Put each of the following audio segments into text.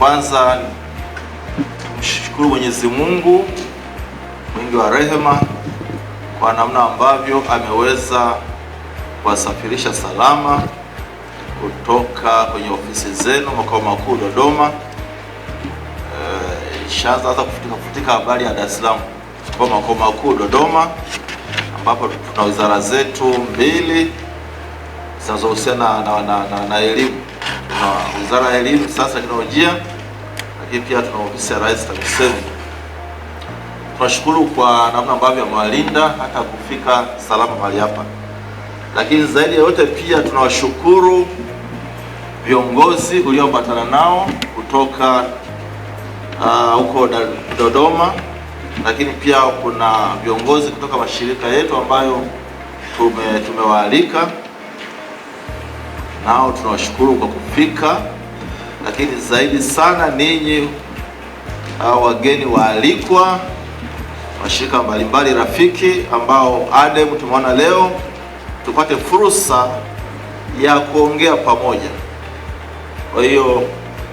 Kwanza mshukuru Mwenyezi Mungu mwingi wa rehema kwa namna ambavyo ameweza kuwasafirisha salama kutoka kwenye ofisi zenu makao makuu Dodoma. E, eh, shaanza hata kufutika kufutika habari ya Dar es Salaam kwa makao makuu Dodoma, ambapo tuna wizara zetu mbili zinazohusiana na elimu Wizara ya Elimu, Sayansi na Teknolojia, lakini pia tuna ofisi ya Rais TAMISEMI. Tunashukuru kwa namna ambavyo amewalinda hata kufika salama mahali hapa, lakini zaidi ya yote pia tunawashukuru viongozi ulioambatana nao kutoka uh, huko uh, Dodoma, lakini pia kuna viongozi kutoka mashirika yetu ambayo tume, tumewaalika nao tunawashukuru kwa kufika, lakini zaidi sana ninyi au wageni waalikwa, washirika mbalimbali rafiki, ambao Adem tumeona leo tupate fursa ya kuongea pamoja. Kwa hiyo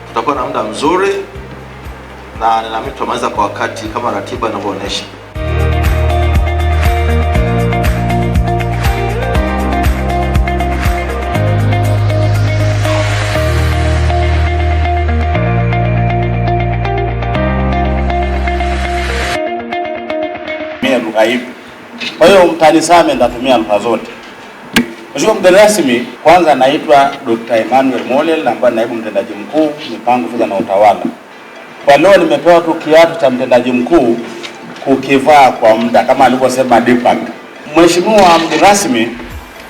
tutakuwa na muda mzuri na ninaamini tutamaliza kwa wakati kama ratiba inavyoonyesha. Kwa hiyo mtanisame, nitatumia lugha zote. Mheshimiwa mgeni rasmi, kwanza naitwa Dr. Emmanuel Molel ambaye naibu mtendaji mkuu mipango, fedha na utawala. Kwa leo nimepewa tu kiatu cha mtendaji mkuu kukivaa kwa muda kama alivyosema Deepak. Mheshimiwa mgeni rasmi,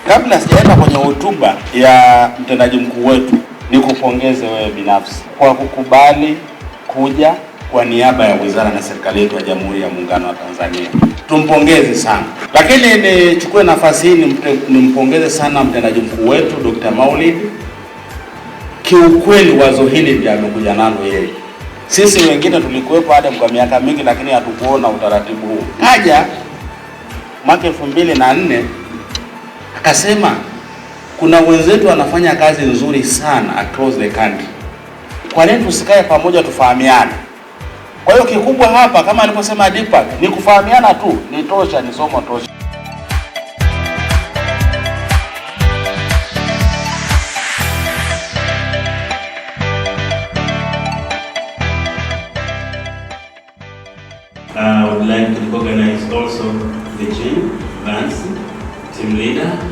kabla sijaenda kwenye hotuba ya mtendaji mkuu wetu, nikupongeze wewe binafsi kwa kukubali kuja kwa niaba ya wizara na serikali yetu ya Jamhuri ya Muungano wa Tanzania. Tumpongeze sana. Lakini nichukue nafasi hii nimpongeze sana mtendaji mkuu wetu Dr. Maulid. Kiukweli wazo hili ndio amekuja nalo yeye. Sisi wengine tulikuwepo hata kwa miaka mingi, lakini hatukuona utaratibu huu. Kaja mwaka elfu mbili na nne akasema kuna wenzetu wanafanya kazi nzuri sana across the country, kwa nini tusikae pamoja tufahamiane? Kwa hiyo kikubwa hapa kama alivyosema Deepak ni kufahamiana tu, ni tosha, ni somo tosha. Uh, I would like to recognize also the team, Vance, team leader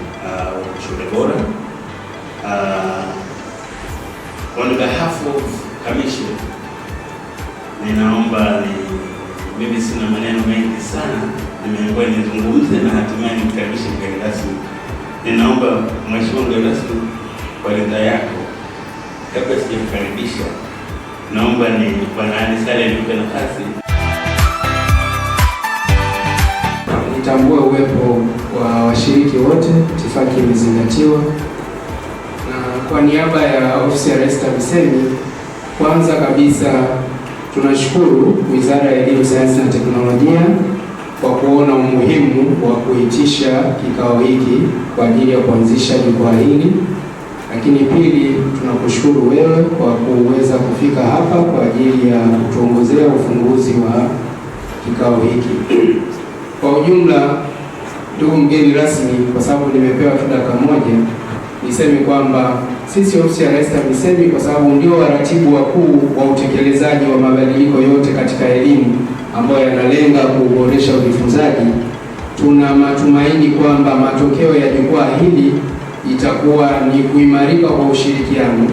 ninaomba ni mimi sina maneno mengi sana, nimeambiwa nizungumze na hatimaye nimkaribishe mgeni rasmi. Ninaomba mheshimiwa mgeni rasmi, kwa ridhaa yako, kabla sijamkaribisha, naomba ni bwana Ally Saleh nipe nafasi nitambue uwepo wa washiriki wote. Itifaki imezingatiwa, na kwa niaba ya ofisi ya Rais TAMISEMI, kwanza kabisa Tunashukuru Wizara ya Elimu, Sayansi na Teknolojia kwa kuona umuhimu wa kuitisha kikao hiki kwa ajili ya kuanzisha jukwaa hili, lakini pili, tunakushukuru wewe kwa kuweza kufika hapa kwa ajili ya kutuongozea ufunguzi wa kikao hiki. Kwa ujumla, ndugu mgeni rasmi, kwa sababu nimepewa tu dakika moja niseme kwamba sisi ofisi ya Rais TAMISEMI kwa sababu ndio waratibu wakuu wa utekelezaji wa mabadiliko yote katika elimu ambayo yanalenga kuboresha ujifunzaji, tuna matumaini kwamba matokeo ya jukwaa hili itakuwa ni kuimarika kwa ushirikiano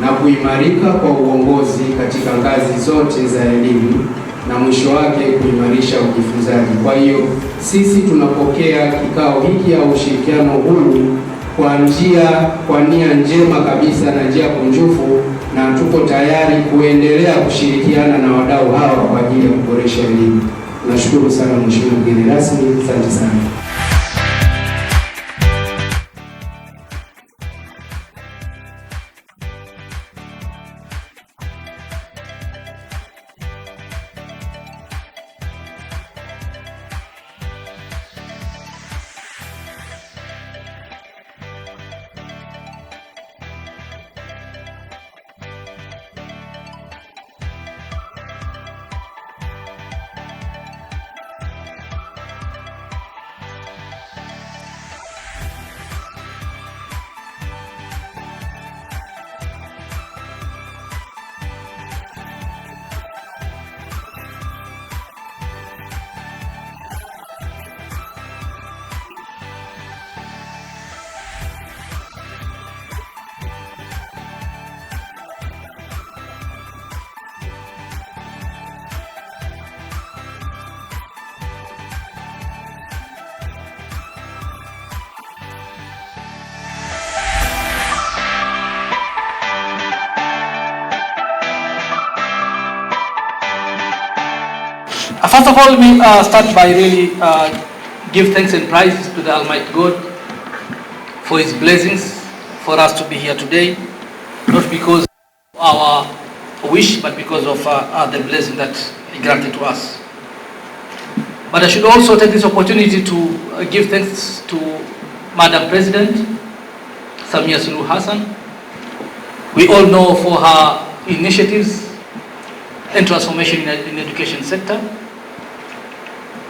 na kuimarika kwa uongozi katika ngazi zote za elimu na mwisho wake kuimarisha ujifunzaji. Kwa hiyo sisi tunapokea kikao hiki au ushirikiano huu kwa njia kwa nia njema kabisa na njia kunjufu, na tuko tayari kuendelea kushirikiana na wadau hawa kwa ajili ya kuboresha elimu. Nashukuru sana Mheshimiwa mgeni rasmi, asante sana. Uh, first of all, let me uh, start by really uh, give thanks and praise to the Almighty God for His blessings for us to be here today, not because of our wish, but because of uh, uh the blessing that He granted to us. But I should also take this opportunity to uh, give thanks to Madam President Samia Sulu Hassan. We all know for her initiatives and transformation in, the education sector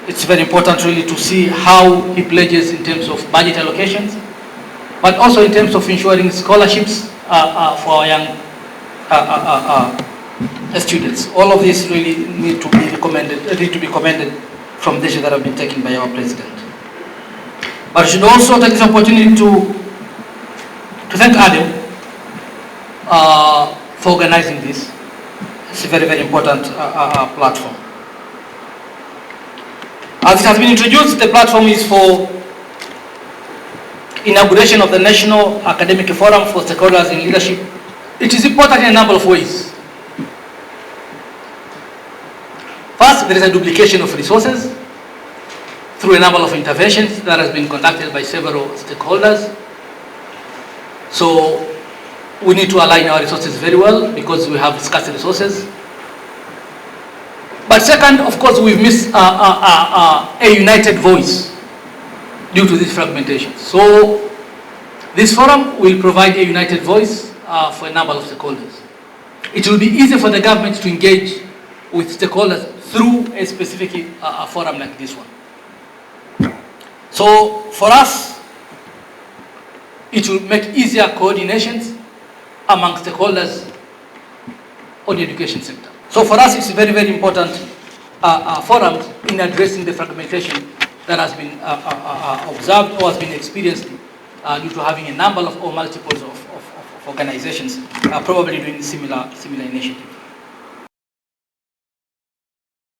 it's very important really to see how he pledges in terms of budget allocations, but also in terms of ensuring scholarships uh, uh, for our young uh, uh, uh, uh students. All of these really need to be commended, need to be commended from measures that have been taken by our president. But I should also take this opportunity to, to thank Adam for organizing this. It's a very, very important platform. As it has been introduced, the platform is for inauguration of the National Academic Forum for Stakeholders in Leadership. It is important in a number of ways. First, there is a duplication of resources through a number of interventions that has been conducted by several stakeholders. So we need to align our resources very well because we have scarce resources. But second, of course, we've missed uh, uh, uh, a united voice due to this fragmentation. So this forum will provide a united voice uh, for a number of stakeholders. It will be easy for the government to engage with stakeholders through a specific uh, forum like this one. So for us, it will make easier coordinations among stakeholders on the education sector. So for us, it's a very, very important uh, uh, forum in addressing the fragmentation that has been uh, uh, uh, uh observed or has been experienced due to having a number of or multiples of, of, of organizations probably doing similar, similar initiatives.